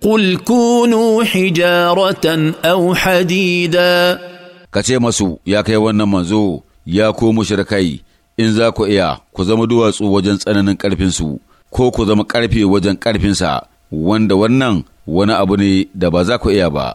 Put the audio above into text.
قل كونوا حجارة أو حديدا kace masu ya kai wannan manzo ya ko mushrikai in za ku iya ku zama duwatsu wajen tsananin ƙarfinsu ko ku zama ƙarfe wajen ƙarfinsa wanda wannan wani abu ne da ba za ku iya ba